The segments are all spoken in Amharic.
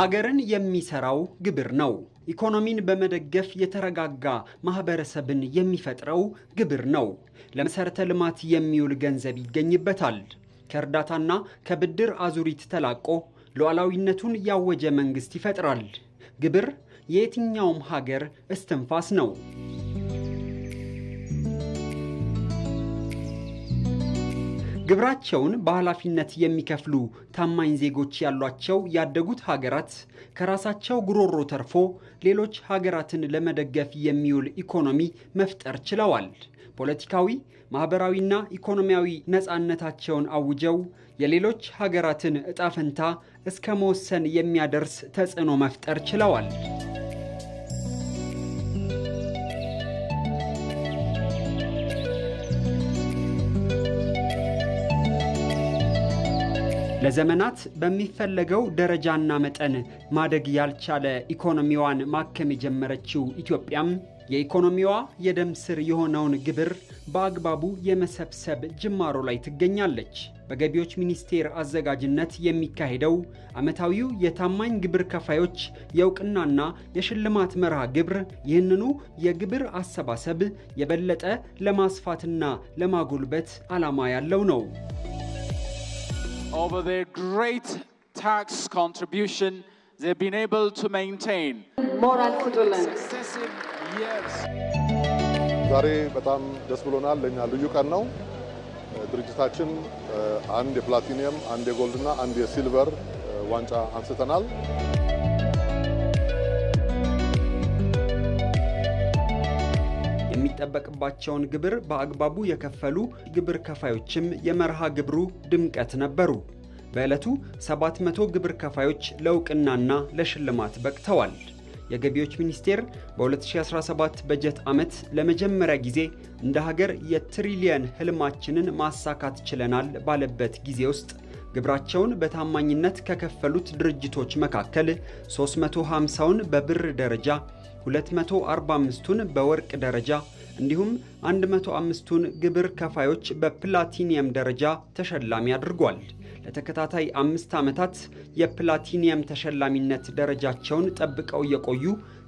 ሀገርን የሚሰራው ግብር ነው። ኢኮኖሚን በመደገፍ የተረጋጋ ማህበረሰብን የሚፈጥረው ግብር ነው። ለመሰረተ ልማት የሚውል ገንዘብ ይገኝበታል። ከእርዳታና ከብድር አዙሪት ተላቆ ሉዓላዊነቱን ያወጀ መንግስት ይፈጥራል። ግብር የየትኛውም ሀገር እስትንፋስ ነው። ግብራቸውን በኃላፊነት የሚከፍሉ ታማኝ ዜጎች ያሏቸው ያደጉት ሀገራት ከራሳቸው ጉሮሮ ተርፎ ሌሎች ሀገራትን ለመደገፍ የሚውል ኢኮኖሚ መፍጠር ችለዋል። ፖለቲካዊ፣ ማህበራዊና ኢኮኖሚያዊ ነፃነታቸውን አውጀው የሌሎች ሀገራትን እጣ ፈንታ እስከ መወሰን የሚያደርስ ተጽዕኖ መፍጠር ችለዋል። ለዘመናት በሚፈለገው ደረጃና መጠን ማደግ ያልቻለ ኢኮኖሚዋን ማከም የጀመረችው ኢትዮጵያም የኢኮኖሚዋ የደም ስር የሆነውን ግብር በአግባቡ የመሰብሰብ ጅማሮ ላይ ትገኛለች። በገቢዎች ሚኒስቴር አዘጋጅነት የሚካሄደው ዓመታዊው የታማኝ ግብር ከፋዮች የእውቅናና የሽልማት መርሃ ግብር ይህንኑ የግብር አሰባሰብ የበለጠ ለማስፋትና ለማጎልበት ዓላማ ያለው ነው። over their great tax contribution they've been able to maintain. Moral successive years. ዛሬ በጣም ደስ ብሎናል። ለእኛ ልዩ ቀን ነው። ድርጅታችን አንድ የፕላቲኒየም፣ አንድ የጎልድና አንድ የሲልቨር ዋንጫ አንስተናል። የሚጠበቅባቸውን ግብር በአግባቡ የከፈሉ ግብር ከፋዮችም የመርሃ ግብሩ ድምቀት ነበሩ። በዕለቱ 700 ግብር ከፋዮች ለእውቅናና ለሽልማት በቅተዋል። የገቢዎች ሚኒስቴር በ2017 በጀት ዓመት ለመጀመሪያ ጊዜ እንደ ሀገር የትሪሊየን ህልማችንን ማሳካት ችለናል ባለበት ጊዜ ውስጥ ግብራቸውን በታማኝነት ከከፈሉት ድርጅቶች መካከል 350ውን በብር ደረጃ፣ 245ቱን በወርቅ ደረጃ እንዲሁም 105ቱን ግብር ከፋዮች በፕላቲኒየም ደረጃ ተሸላሚ አድርጓል። ለተከታታይ አምስት ዓመታት የፕላቲኒየም ተሸላሚነት ደረጃቸውን ጠብቀው የቆዩ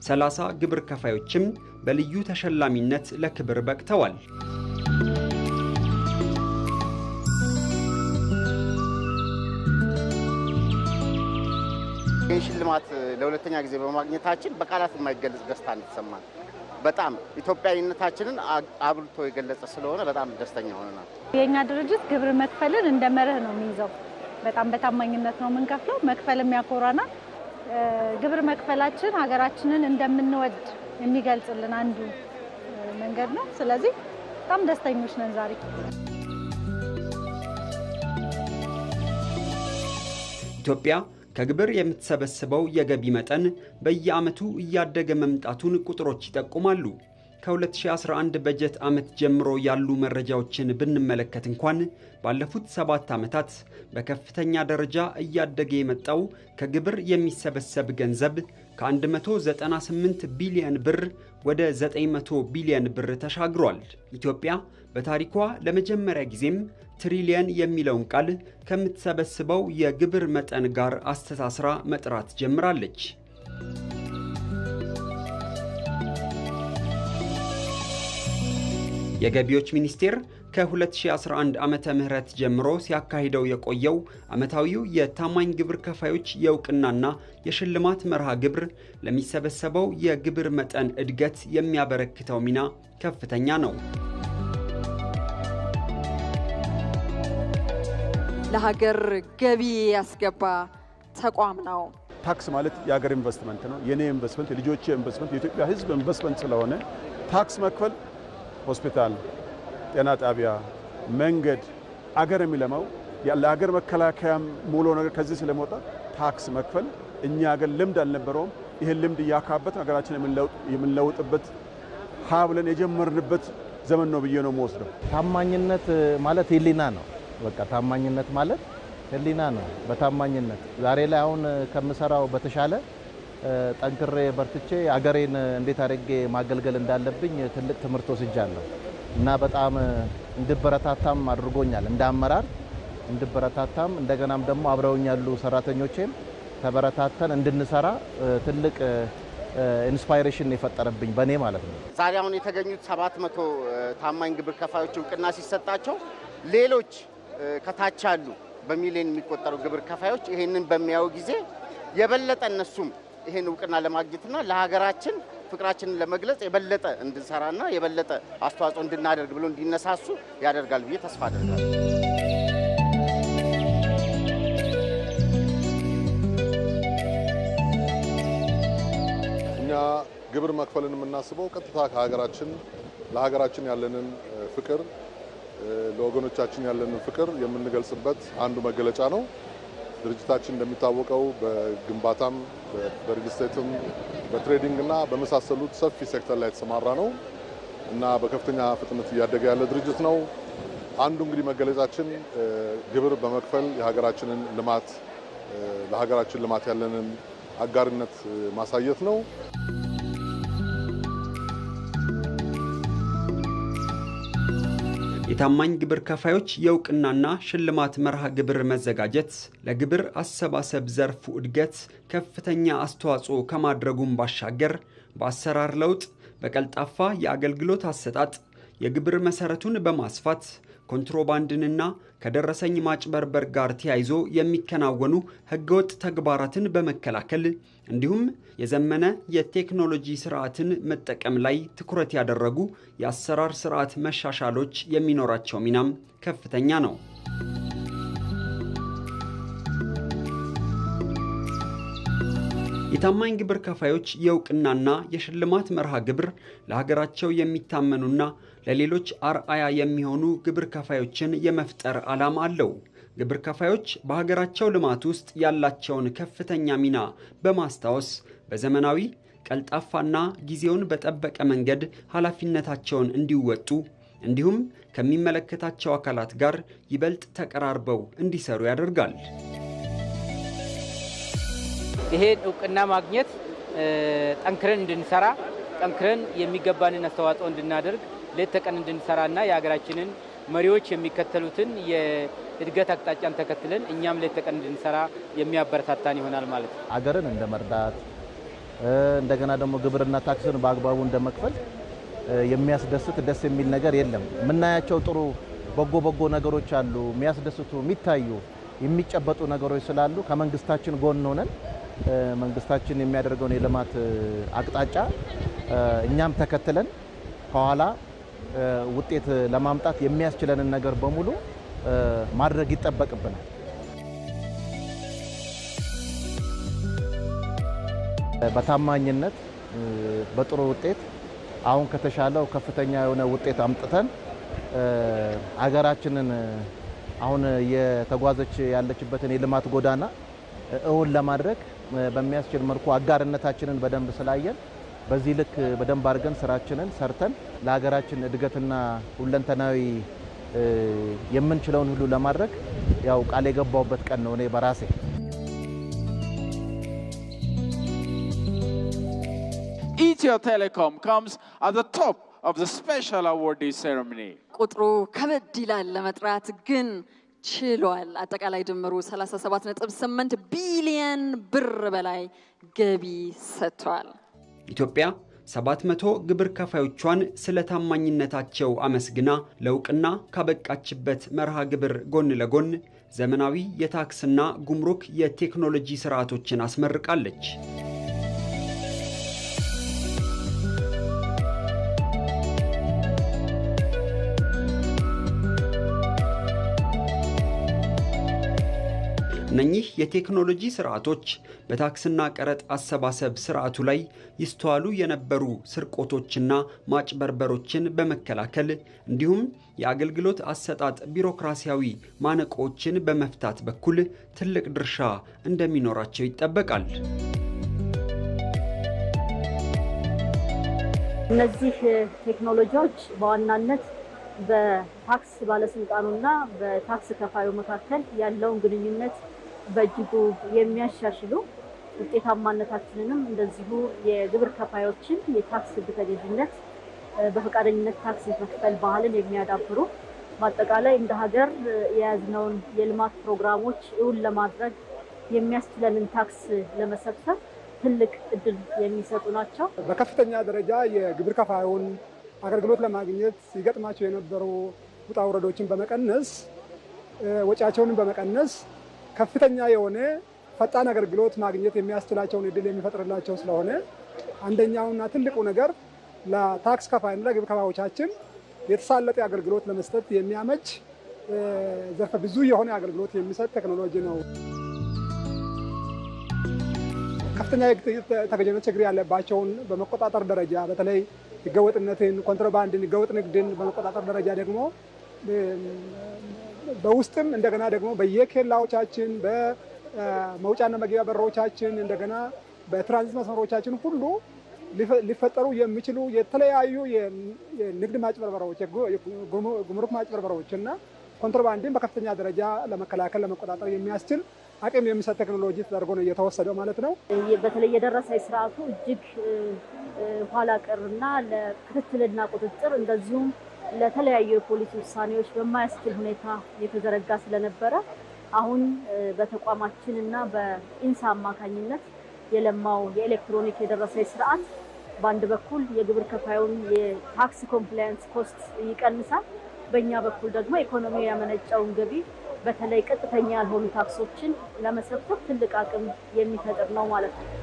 30 ግብር ከፋዮችም በልዩ ተሸላሚነት ለክብር በቅተዋል። ሽልማት ለሁለተኛ ጊዜ በማግኘታችን በቃላት የማይገለጽ ደስታ እንደተሰማን በጣም ኢትዮጵያዊነታችንን አብልቶ የገለጸ ስለሆነ በጣም ደስተኛ ሆነናል። የእኛ ድርጅት ግብር መክፈልን እንደ መርህ ነው የሚይዘው። በጣም በታማኝነት ነው የምንከፍለው። መክፈልም ያኮራናል። ግብር መክፈላችን ሀገራችንን እንደምንወድ የሚገልጽልን አንዱ መንገድ ነው። ስለዚህ በጣም ደስተኞች ነን ዛሬ። ኢትዮጵያ ከግብር የምትሰበስበው የገቢ መጠን በየዓመቱ እያደገ መምጣቱን ቁጥሮች ይጠቁማሉ። ከ2011 በጀት ዓመት ጀምሮ ያሉ መረጃዎችን ብንመለከት እንኳን ባለፉት ሰባት ዓመታት በከፍተኛ ደረጃ እያደገ የመጣው ከግብር የሚሰበሰብ ገንዘብ ከ198 ቢሊዮን ብር ወደ 900 ቢሊዮን ብር ተሻግሯል። ኢትዮጵያ በታሪኳ ለመጀመሪያ ጊዜም ትሪሊየን የሚለውን ቃል ከምትሰበስበው የግብር መጠን ጋር አስተሳስራ መጥራት ጀምራለች። የገቢዎች ሚኒስቴር ከ2011 ዓመተ ምህረት ጀምሮ ሲያካሂደው የቆየው ዓመታዊው የታማኝ ግብር ከፋዮች የእውቅናና የሽልማት መርሃ ግብር ለሚሰበሰበው የግብር መጠን እድገት የሚያበረክተው ሚና ከፍተኛ ነው። ለሀገር ገቢ ያስገባ ተቋም ነው። ታክስ ማለት የሀገር ኢንቨስትመንት ነው። የኔ ኢንቨስትመንት፣ የልጆች ኢንቨስትመንት፣ የኢትዮጵያ ሕዝብ ኢንቨስትመንት ስለሆነ ታክስ መክፈል ሆስፒታል፣ ጤና ጣቢያ፣ መንገድ አገር የሚለማው ለአገር መከላከያም ሙሉ ነገር ከዚህ ስለመውጣ ታክስ መክፈል እኛ ሀገር ልምድ አልነበረውም። ይህን ልምድ እያካበት ሀገራችን የምንለውጥበት ሀ ብለን የጀመርንበት ዘመን ነው ብዬ ነው የምወስደው። ታማኝነት ማለት ህሊና ነው። በቃ ታማኝነት ማለት ህሊና ነው። በታማኝነት ዛሬ ላይ አሁን ከምሰራው በተሻለ ጠንክሬ በርትቼ አገሬን እንዴት አድርጌ ማገልገል እንዳለብኝ ትልቅ ትምህርት ወስጃለሁ እና በጣም እንድበረታታም አድርጎኛል። እንደ አመራር እንድበረታታም እንደገናም ደግሞ አብረውኝ ያሉ ሰራተኞቼም ተበረታተን እንድንሰራ ትልቅ ኢንስፓይሬሽን የፈጠረብኝ በእኔ ማለት ነው። ዛሬ አሁን የተገኙት ሰባት መቶ ታማኝ ግብር ከፋዮች እውቅና ሲሰጣቸው ሌሎች ከታች ያሉ በሚሊዮን የሚቆጠሩ ግብር ከፋዮች ይህንን በሚያዩ ጊዜ የበለጠ እነሱም ይሄን እውቅና ለማግኘትና ለሀገራችን ፍቅራችንን ለመግለጽ የበለጠ እንድንሰራና የበለጠ አስተዋጽኦ እንድናደርግ ብሎ እንዲነሳሱ ያደርጋል ብዬ ተስፋ አደርጋለሁ። እኛ ግብር መክፈልን የምናስበው ቀጥታ ከሀገራችን ለሀገራችን ያለንን ፍቅር ለወገኖቻችን ያለንን ፍቅር የምንገልጽበት አንዱ መገለጫ ነው። ድርጅታችን እንደሚታወቀው በግንባታም በሪልስቴትም በትሬዲንግ እና በመሳሰሉት ሰፊ ሴክተር ላይ የተሰማራ ነው እና በከፍተኛ ፍጥነት እያደገ ያለ ድርጅት ነው። አንዱ እንግዲህ መገለጫችን ግብር በመክፈል የሀገራችንን ልማት ለሀገራችን ልማት ያለንን አጋርነት ማሳየት ነው። የታማኝ ግብር ከፋዮች የእውቅናና ሽልማት መርሃ ግብር መዘጋጀት ለግብር አሰባሰብ ዘርፉ እድገት ከፍተኛ አስተዋጽኦ ከማድረጉም ባሻገር በአሰራር ለውጥ፣ በቀልጣፋ የአገልግሎት አሰጣጥ፣ የግብር መሰረቱን በማስፋት ኮንትሮባንድንና ከደረሰኝ ማጭበርበር ጋር ተያይዞ የሚከናወኑ ህገወጥ ተግባራትን በመከላከል እንዲሁም የዘመነ የቴክኖሎጂ ስርዓትን መጠቀም ላይ ትኩረት ያደረጉ የአሰራር ስርዓት መሻሻሎች የሚኖራቸው ሚናም ከፍተኛ ነው። የታማኝ ግብር ከፋዮች የእውቅናና የሽልማት መርሃ ግብር ለሀገራቸው የሚታመኑና ለሌሎች አርአያ የሚሆኑ ግብር ከፋዮችን የመፍጠር ዓላማ አለው። ግብር ከፋዮች በሀገራቸው ልማት ውስጥ ያላቸውን ከፍተኛ ሚና በማስታወስ በዘመናዊ ቀልጣፋና ጊዜውን በጠበቀ መንገድ ኃላፊነታቸውን እንዲወጡ እንዲሁም ከሚመለከታቸው አካላት ጋር ይበልጥ ተቀራርበው እንዲሰሩ ያደርጋል። ይሄን እውቅና ማግኘት ጠንክረን እንድንሰራ፣ ጠንክረን የሚገባንን አስተዋጽኦ እንድናደርግ ሌት ተቀን እንድንሰራና የሀገራችንን መሪዎች የሚከተሉትን የእድገት አቅጣጫን ተከትለን እኛም ሌት ተቀን እንድንሰራ የሚያበረታታን ይሆናል ማለት ነው። አገርን እንደ መርዳት እንደገና ደግሞ ግብርና ታክስን በአግባቡ እንደ መክፈል የሚያስደስት ደስ የሚል ነገር የለም። የምናያቸው ጥሩ በጎ በጎ ነገሮች አሉ፣ የሚያስደስቱ የሚታዩ የሚጨበጡ ነገሮች ስላሉ ከመንግስታችን ጎን ሆነን መንግስታችን የሚያደርገውን የልማት አቅጣጫ እኛም ተከትለን ከኋላ ውጤት ለማምጣት የሚያስችለንን ነገር በሙሉ ማድረግ ይጠበቅብናል። በታማኝነት በጥሩ ውጤት አሁን ከተሻለው ከፍተኛ የሆነ ውጤት አምጥተን አገራችንን አሁን የተጓዘች ያለችበትን የልማት ጎዳና እውን ለማድረግ በሚያስችል መልኩ አጋርነታችንን በደንብ ስላየን በዚህ ልክ በደንብ አድርገን ስራችንን ሰርተን ለሀገራችን እድገትና ሁለንተናዊ የምንችለውን ሁሉ ለማድረግ ያው ቃል የገባውበት ቀን ነው እኔ በራሴ ኢትዮ ቴሌኮም ኮምስ አት ዘ ቶፕ ኦፍ ዘ ስፔሻል አዋርድ ሴረሞኒ ቁጥሩ ከበድ ይላል ለመጥራት ግን ችሏል። አጠቃላይ ድምሩ 37.8 ቢሊየን ብር በላይ ገቢ ሰጥቷል። ኢትዮጵያ 700 ግብር ከፋዮቿን ስለ ታማኝነታቸው አመስግና ለእውቅና ካበቃችበት መርሃ ግብር ጎን ለጎን ዘመናዊ የታክስና ጉምሩክ የቴክኖሎጂ ስርዓቶችን አስመርቃለች። እነኚህ የቴክኖሎጂ ስርዓቶች በታክስና ቀረጥ አሰባሰብ ስርዓቱ ላይ ይስተዋሉ የነበሩ ስርቆቶችና ማጭበርበሮችን በመከላከል እንዲሁም የአገልግሎት አሰጣጥ ቢሮክራሲያዊ ማነቆዎችን በመፍታት በኩል ትልቅ ድርሻ እንደሚኖራቸው ይጠበቃል። እነዚህ ቴክኖሎጂዎች በዋናነት በታክስ ባለስልጣኑና በታክስ ከፋዩ መካከል ያለውን ግንኙነት በእጅጉ የሚያሻሽሉ ውጤታማነታችንንም እንደዚሁ የግብር ከፋዮችን የታክስ ብተገዥነት በፈቃደኝነት ታክስ መክፈል ባህልን የሚያዳብሩ በአጠቃላይ እንደ ሀገር የያዝነውን የልማት ፕሮግራሞች እውን ለማድረግ የሚያስችለንን ታክስ ለመሰብሰብ ትልቅ እድል የሚሰጡ ናቸው። በከፍተኛ ደረጃ የግብር ከፋዩን አገልግሎት ለማግኘት ይገጥማቸው የነበሩ ውጣ ውረዶችን በመቀነስ ወጪያቸውን በመቀነስ ከፍተኛ የሆነ ፈጣን አገልግሎት ማግኘት የሚያስችላቸውን እድል የሚፈጥርላቸው ስለሆነ አንደኛውና ትልቁ ነገር ለታክስ ከፋይና ለግብ ከፋዮቻችን የተሳለጠ አገልግሎት ለመስጠት የሚያመች ዘርፈ ብዙ የሆነ አገልግሎት የሚሰጥ ቴክኖሎጂ ነው። ከፍተኛ የተገዥነት ችግር ያለባቸውን በመቆጣጠር ደረጃ በተለይ ህገወጥነትን፣ ኮንትሮባንድን፣ ህገወጥ ንግድን በመቆጣጠር ደረጃ ደግሞ በውስጥም እንደገና ደግሞ በየኬላዎቻችን በመውጫና መግቢያ በሮቻችን እንደገና በትራንዚት መስመሮቻችን ሁሉ ሊፈጠሩ የሚችሉ የተለያዩ የንግድ ማጭበርበሮች፣ ጉምሩክ ማጭበርበሮች እና ኮንትሮባንድን በከፍተኛ ደረጃ ለመከላከል ለመቆጣጠር የሚያስችል አቅም የሚሰጥ ቴክኖሎጂ ተደርጎ ነው እየተወሰደው ማለት ነው። በተለይ የደረሰ ስርዓቱ እጅግ ኋላ ቀርና ለክትትልና ቁጥጥር እንደዚሁም ለተለያዩ የፖሊሲ ውሳኔዎች በማያስችል ሁኔታ የተዘረጋ ስለነበረ አሁን በተቋማችን እና በኢንሳ አማካኝነት የለማው የኤሌክትሮኒክ የደረሰ ስርዓት በአንድ በኩል የግብር ከፋዩን የታክስ ኮምፕላያንስ ኮስት ይቀንሳል፣ በእኛ በኩል ደግሞ ኢኮኖሚ ያመነጨውን ገቢ በተለይ ቀጥተኛ ያልሆኑ ታክሶችን ለመሰብሰብ ትልቅ አቅም የሚፈጥር ነው ማለት ነው።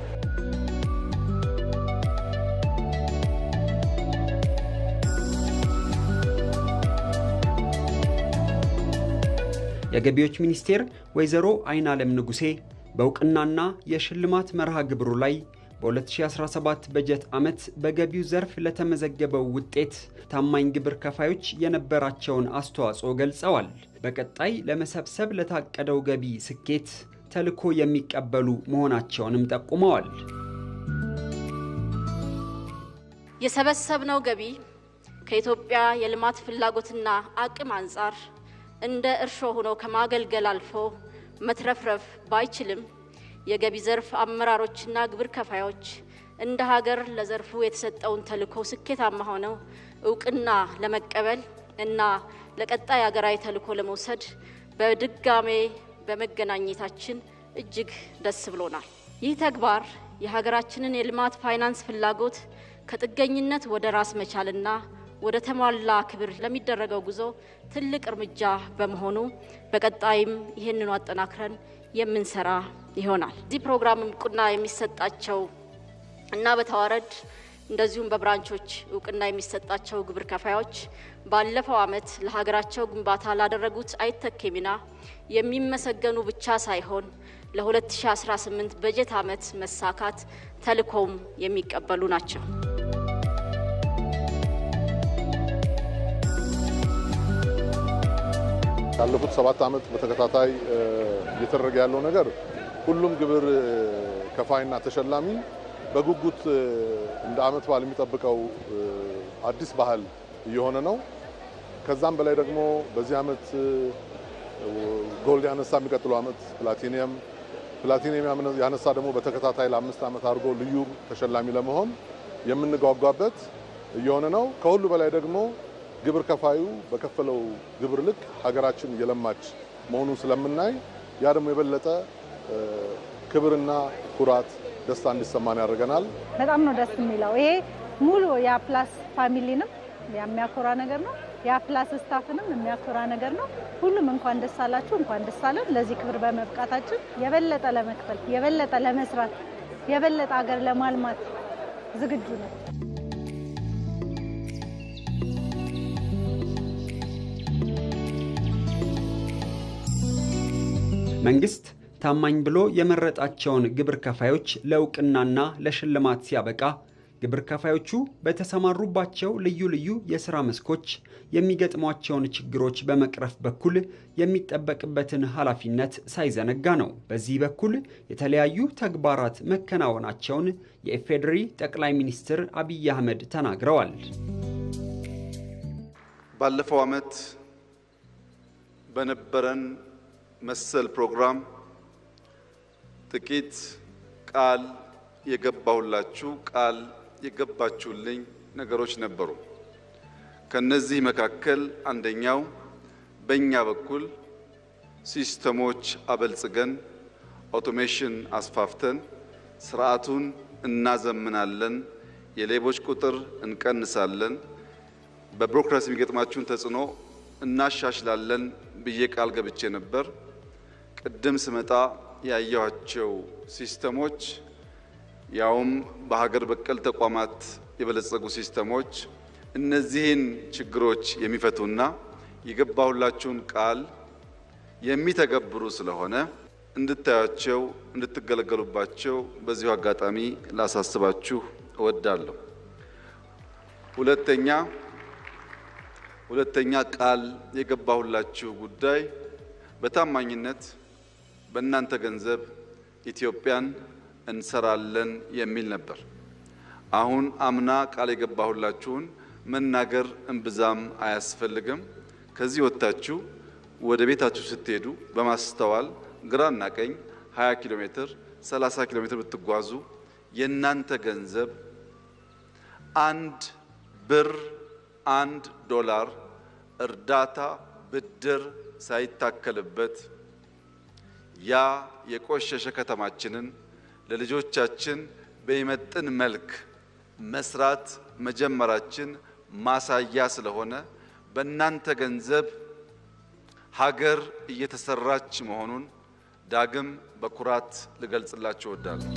የገቢዎች ሚኒስቴር ወይዘሮ አይናለም ንጉሴ በእውቅናና የሽልማት መርሃ ግብሩ ላይ በ2017 በጀት ዓመት በገቢው ዘርፍ ለተመዘገበው ውጤት ታማኝ ግብር ከፋዮች የነበራቸውን አስተዋጽኦ ገልጸዋል። በቀጣይ ለመሰብሰብ ለታቀደው ገቢ ስኬት ተልዕኮ የሚቀበሉ መሆናቸውንም ጠቁመዋል። የሰበሰብነው ገቢ ከኢትዮጵያ የልማት ፍላጎትና አቅም አንጻር እንደ እርሾ ሆኖ ከማገልገል አልፎ መትረፍረፍ ባይችልም የገቢ ዘርፍ አመራሮችና ግብር ከፋዮች እንደ ሀገር ለዘርፉ የተሰጠውን ተልዕኮ ስኬታማ ሆነው እውቅና ለመቀበል እና ለቀጣይ ሀገራዊ ተልዕኮ ለመውሰድ በድጋሜ በመገናኘታችን እጅግ ደስ ብሎናል። ይህ ተግባር የሀገራችንን የልማት ፋይናንስ ፍላጎት ከጥገኝነት ወደ ራስ መቻልና ወደ ተሟላ ክብር ለሚደረገው ጉዞ ትልቅ እርምጃ በመሆኑ በቀጣይም ይህንኑ አጠናክረን የምንሰራ ይሆናል። እዚህ ፕሮግራም እውቅና የሚሰጣቸው እና በተዋረድ እንደዚሁም በብራንቾች እውቅና የሚሰጣቸው ግብር ከፋዮች ባለፈው ዓመት ለሀገራቸው ግንባታ ላደረጉት አይተኬ ሚና የሚመሰገኑ ብቻ ሳይሆን ለ2018 በጀት ዓመት መሳካት ተልኮም የሚቀበሉ ናቸው። ካለፉት ሰባት ዓመት በተከታታይ እየተደረገ ያለው ነገር ሁሉም ግብር ከፋይና ተሸላሚ በጉጉት እንደ ዓመት በዓል የሚጠብቀው አዲስ ባህል እየሆነ ነው። ከዛም በላይ ደግሞ በዚህ ዓመት ጎልድ ያነሳ የሚቀጥለው ዓመት ፕላቲኒየም፣ ፕላቲኒየም ያነሳ ደግሞ በተከታታይ ለአምስት ዓመት አድርጎ ልዩ ተሸላሚ ለመሆን የምንጓጓበት እየሆነ ነው። ከሁሉ በላይ ደግሞ ግብር ከፋዩ በከፈለው ግብር ልክ ሀገራችን እየለማች መሆኑን ስለምናይ ያ ደግሞ የበለጠ ክብርና ኩራት ደስታ እንዲሰማን ያደርገናል። በጣም ነው ደስ የሚለው። ይሄ ሙሉ የአፕላስ ፋሚሊንም የሚያኮራ ነገር ነው። የአፕላስ ስታፍንም የሚያኮራ ነገር ነው። ሁሉም እንኳን ደስ አላችሁ፣ እንኳን ደስ አለን። ለዚህ ክብር በመብቃታችን የበለጠ ለመክፈል፣ የበለጠ ለመስራት፣ የበለጠ ሀገር ለማልማት ዝግጁ ነው። መንግስት ታማኝ ብሎ የመረጣቸውን ግብር ከፋዮች ለእውቅናና ለሽልማት ሲያበቃ ግብር ከፋዮቹ በተሰማሩባቸው ልዩ ልዩ የሥራ መስኮች የሚገጥሟቸውን ችግሮች በመቅረፍ በኩል የሚጠበቅበትን ኃላፊነት ሳይዘነጋ ነው። በዚህ በኩል የተለያዩ ተግባራት መከናወናቸውን የኢፌዴሪ ጠቅላይ ሚኒስትር አብይ አህመድ ተናግረዋል። ባለፈው ዓመት በነበረን መሰል ፕሮግራም ጥቂት ቃል የገባሁላችሁ ቃል የገባችሁልኝ ነገሮች ነበሩ። ከነዚህ መካከል አንደኛው በእኛ በኩል ሲስተሞች አበልጽገን አውቶሜሽን አስፋፍተን ስርዓቱን እናዘምናለን፣ የሌቦች ቁጥር እንቀንሳለን፣ በቢሮክራሲ የሚገጥማችሁን ተጽዕኖ እናሻሽላለን ብዬ ቃል ገብቼ ነበር። ቅድም ስመጣ ያየኋቸው ሲስተሞች ያውም በሀገር በቀል ተቋማት የበለጸጉ ሲስተሞች እነዚህን ችግሮች የሚፈቱና የገባሁላችሁን ቃል የሚተገብሩ ስለሆነ እንድታያቸው እንድትገለገሉባቸው በዚሁ አጋጣሚ ላሳስባችሁ እወዳለሁ። ሁለተኛ ሁለተኛ ቃል የገባሁላችሁ ጉዳይ በታማኝነት በእናንተ ገንዘብ ኢትዮጵያን እንሰራለን የሚል ነበር። አሁን አምና ቃል የገባሁላችሁን መናገር እምብዛም አያስፈልግም። ከዚህ ወጥታችሁ ወደ ቤታችሁ ስትሄዱ በማስተዋል ግራና ቀኝ 20 ኪሎ ሜትር፣ 30 ኪሎ ሜትር ብትጓዙ የእናንተ ገንዘብ አንድ ብር አንድ ዶላር እርዳታ ብድር ሳይታከልበት ያ የቆሸሸ ከተማችንን ለልጆቻችን በሚመጥን መልክ መስራት መጀመራችን ማሳያ ስለሆነ በእናንተ ገንዘብ ሀገር እየተሰራች መሆኑን ዳግም በኩራት ልገልጽላችሁ እወዳለሁ።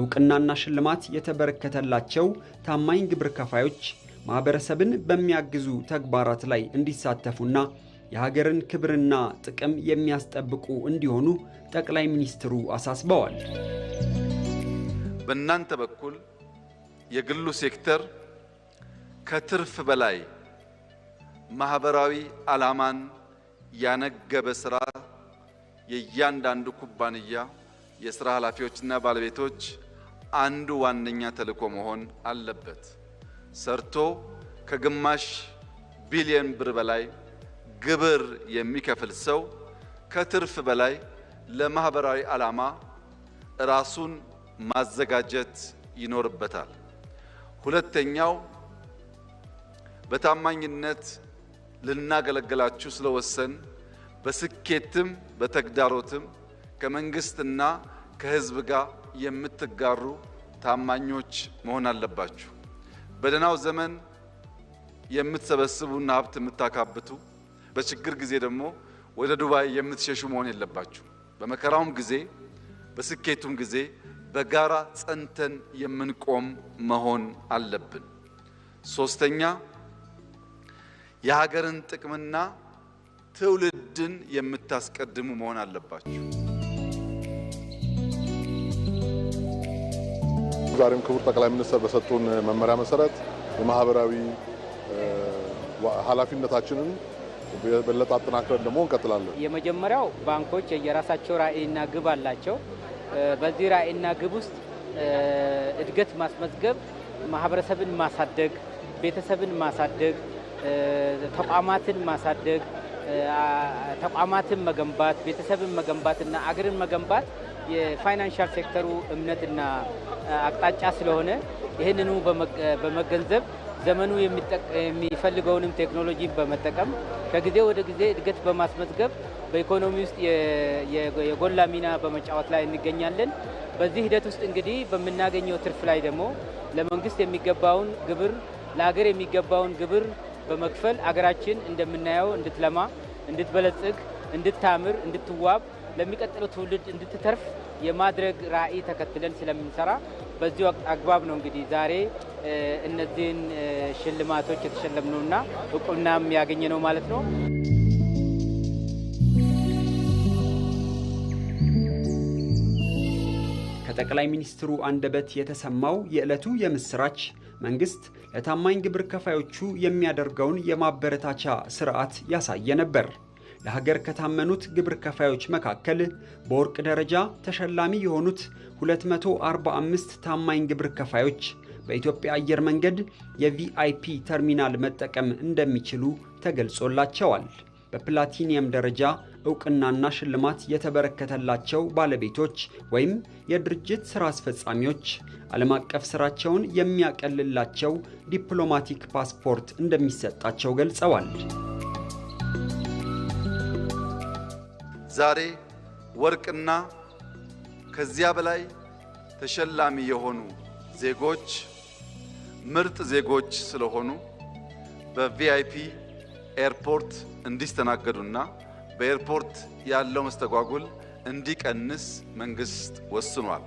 እውቅናና ሽልማት የተበረከተላቸው ታማኝ ግብር ከፋዮች ማህበረሰብን በሚያግዙ ተግባራት ላይ እንዲሳተፉና የሀገርን ክብርና ጥቅም የሚያስጠብቁ እንዲሆኑ ጠቅላይ ሚኒስትሩ አሳስበዋል። በእናንተ በኩል የግሉ ሴክተር ከትርፍ በላይ ማህበራዊ ዓላማን ያነገበ ስራ የእያንዳንዱ ኩባንያ የስራ ኃላፊዎችና ባለቤቶች አንዱ ዋነኛ ተልዕኮ መሆን አለበት። ሰርቶ ከግማሽ ቢሊዮን ብር በላይ ግብር የሚከፍል ሰው ከትርፍ በላይ ለማህበራዊ ዓላማ ራሱን ማዘጋጀት ይኖርበታል። ሁለተኛው በታማኝነት ልናገለግላችሁ ስለወሰን በስኬትም በተግዳሮትም ከመንግስትና ከህዝብ ጋር የምትጋሩ ታማኞች መሆን አለባችሁ። በደህናው ዘመን የምትሰበስቡና ሀብት የምታካብቱ በችግር ጊዜ ደግሞ ወደ ዱባይ የምትሸሹ መሆን የለባችሁ። በመከራውም ጊዜ በስኬቱም ጊዜ በጋራ ጸንተን የምንቆም መሆን አለብን። ሶስተኛ የሀገርን ጥቅምና ትውልድን የምታስቀድሙ መሆን አለባችሁ። ዛሬም ክቡር ጠቅላይ ሚኒስትር በሰጡን መመሪያ መሰረት የማህበራዊ ኃላፊነታችንን የበለጠ አጠናክረን ደግሞ እንቀጥላለን። የመጀመሪያው ባንኮች የራሳቸው ራዕይና ግብ አላቸው። በዚህ ራዕይና ግብ ውስጥ እድገት ማስመዝገብ፣ ማህበረሰብን ማሳደግ፣ ቤተሰብን ማሳደግ፣ ተቋማትን ማሳደግ፣ ተቋማትን መገንባት፣ ቤተሰብን መገንባት እና አገርን መገንባት የፋይናንሻል ሴክተሩ እምነትና አቅጣጫ ስለሆነ ይህንኑ በመገንዘብ ዘመኑ የሚፈልገውንም ቴክኖሎጂ በመጠቀም ከጊዜ ወደ ጊዜ እድገት በማስመዝገብ በኢኮኖሚ ውስጥ የጎላ ሚና በመጫወት ላይ እንገኛለን። በዚህ ሂደት ውስጥ እንግዲህ በምናገኘው ትርፍ ላይ ደግሞ ለመንግስት የሚገባውን ግብር፣ ለሀገር የሚገባውን ግብር በመክፈል አገራችን እንደምናየው እንድትለማ፣ እንድትበለጽግ፣ እንድታምር፣ እንድትዋብ ለሚቀጥለው ትውልድ እንድትተርፍ የማድረግ ራዕይ ተከትለን ስለምንሰራ በዚህ ወቅት አግባብ ነው እንግዲህ ዛሬ እነዚህን ሽልማቶች የተሸለምነውና እውቅናም ያገኘ ነው ማለት ነው። ከጠቅላይ ሚኒስትሩ አንደበት የተሰማው የዕለቱ የምስራች መንግስት ለታማኝ ግብር ከፋዮቹ የሚያደርገውን የማበረታቻ ስርዓት ያሳየ ነበር። ለሀገር ከታመኑት ግብር ከፋዮች መካከል በወርቅ ደረጃ ተሸላሚ የሆኑት 245 ታማኝ ግብር ከፋዮች በኢትዮጵያ አየር መንገድ የቪአይፒ ተርሚናል መጠቀም እንደሚችሉ ተገልጾላቸዋል። በፕላቲኒየም ደረጃ እውቅናና ሽልማት የተበረከተላቸው ባለቤቶች ወይም የድርጅት ሥራ አስፈጻሚዎች ዓለም አቀፍ ሥራቸውን የሚያቀልላቸው ዲፕሎማቲክ ፓስፖርት እንደሚሰጣቸው ገልጸዋል። ዛሬ ወርቅና ከዚያ በላይ ተሸላሚ የሆኑ ዜጎች ምርጥ ዜጎች ስለሆኑ በቪአይፒ ኤርፖርት እንዲስተናገዱና በኤርፖርት ያለው መስተጓጉል እንዲቀንስ መንግስት ወስኗል።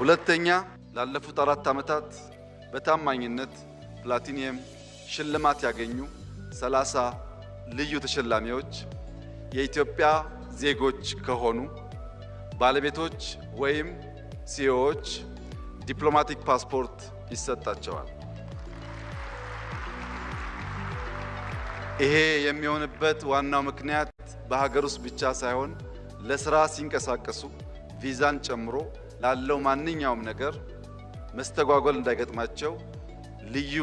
ሁለተኛ፣ ላለፉት አራት ዓመታት በታማኝነት ፕላቲኒየም ሽልማት ያገኙ ሰላሳ ልዩ ተሸላሚዎች የኢትዮጵያ ዜጎች ከሆኑ ባለቤቶች ወይም ሲዮዎች ዲፕሎማቲክ ፓስፖርት ይሰጣቸዋል። ይሄ የሚሆንበት ዋናው ምክንያት በሀገር ውስጥ ብቻ ሳይሆን ለስራ ሲንቀሳቀሱ ቪዛን ጨምሮ ላለው ማንኛውም ነገር መስተጓጎል እንዳይገጥማቸው ልዩ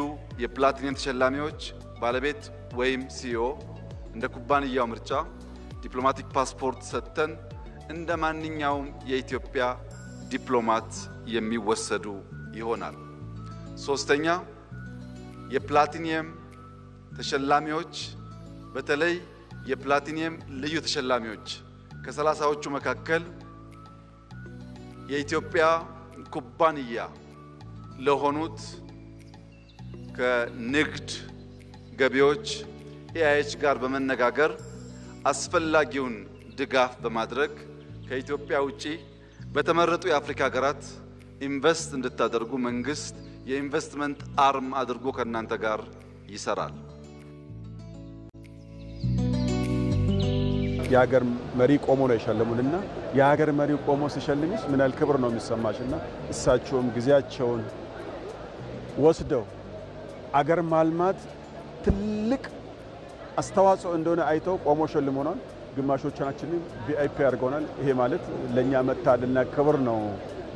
የፕላቲኒየም ተሸላሚዎች ባለቤት ወይም ሲዮ እንደ ኩባንያው ምርጫ ዲፕሎማቲክ ፓስፖርት ሰጥተን እንደ ማንኛውም የኢትዮጵያ ዲፕሎማት የሚወሰዱ ይሆናል። ሶስተኛ የፕላቲኒየም ተሸላሚዎች በተለይ የፕላቲኒየም ልዩ ተሸላሚዎች ከሰላሳዎቹ መካከል የኢትዮጵያ ኩባንያ ለሆኑት ከንግድ ገቢዎች ኤአይኤች ጋር በመነጋገር አስፈላጊውን ድጋፍ በማድረግ ከኢትዮጵያ ውጪ በተመረጡ የአፍሪካ ሀገራት ኢንቨስት እንድታደርጉ መንግስት የኢንቨስትመንት አርም አድርጎ ከእናንተ ጋር ይሰራል። የሀገር መሪ ቆሞ ነው የሸለሙንና የሀገር መሪ ቆሞ ሲሸልምሽ ምን ያህል ክብር ነው የሚሰማሽና እሳቸውም ጊዜያቸውን ወስደው አገር ማልማት ትልቅ አስተዋጽኦ እንደሆነ አይተው ቆሞ ሸልሞናል። ግማሾቻችንም ቪአይፒ አድርገውናል። ይሄ ማለት ለእኛ መታደልና ክብር ነው።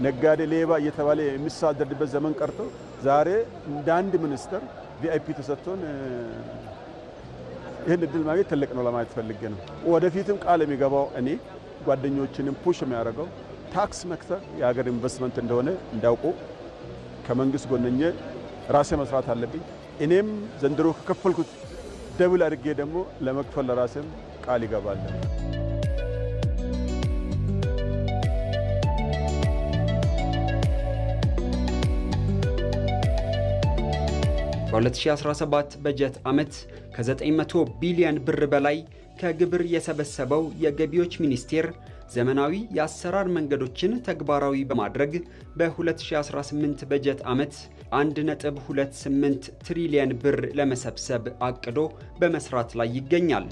ነጋዴ ሌባ እየተባለ የሚሳደድበት ዘመን ቀርቶ ዛሬ እንደ አንድ ሚኒስትር ቪአይፒ ተሰጥቶን ይህን እድል ማግኘት ትልቅ ነው ለማለት ፈልጌ ነው። ወደፊትም ቃል የሚገባው እኔ ጓደኞችንም ፑሽ የሚያደርገው ታክስ መክተር የሀገር ኢንቨስትመንት እንደሆነ እንዳውቁ ከመንግስት ጎነኘ ራሴ መስራት አለብኝ። እኔም ዘንድሮ ከከፈልኩት ደብል አድርጌ ደግሞ ለመክፈል ለራስም ቃል ይገባል በ በ2017 በጀት ዓመት ከ900 ቢሊዮን ብር በላይ ከግብር የሰበሰበው የገቢዎች ሚኒስቴር ዘመናዊ የአሰራር መንገዶችን ተግባራዊ በማድረግ በ2018 በጀት ዓመት 1.28 ትሪሊየን ብር ለመሰብሰብ አቅዶ በመስራት ላይ ይገኛል።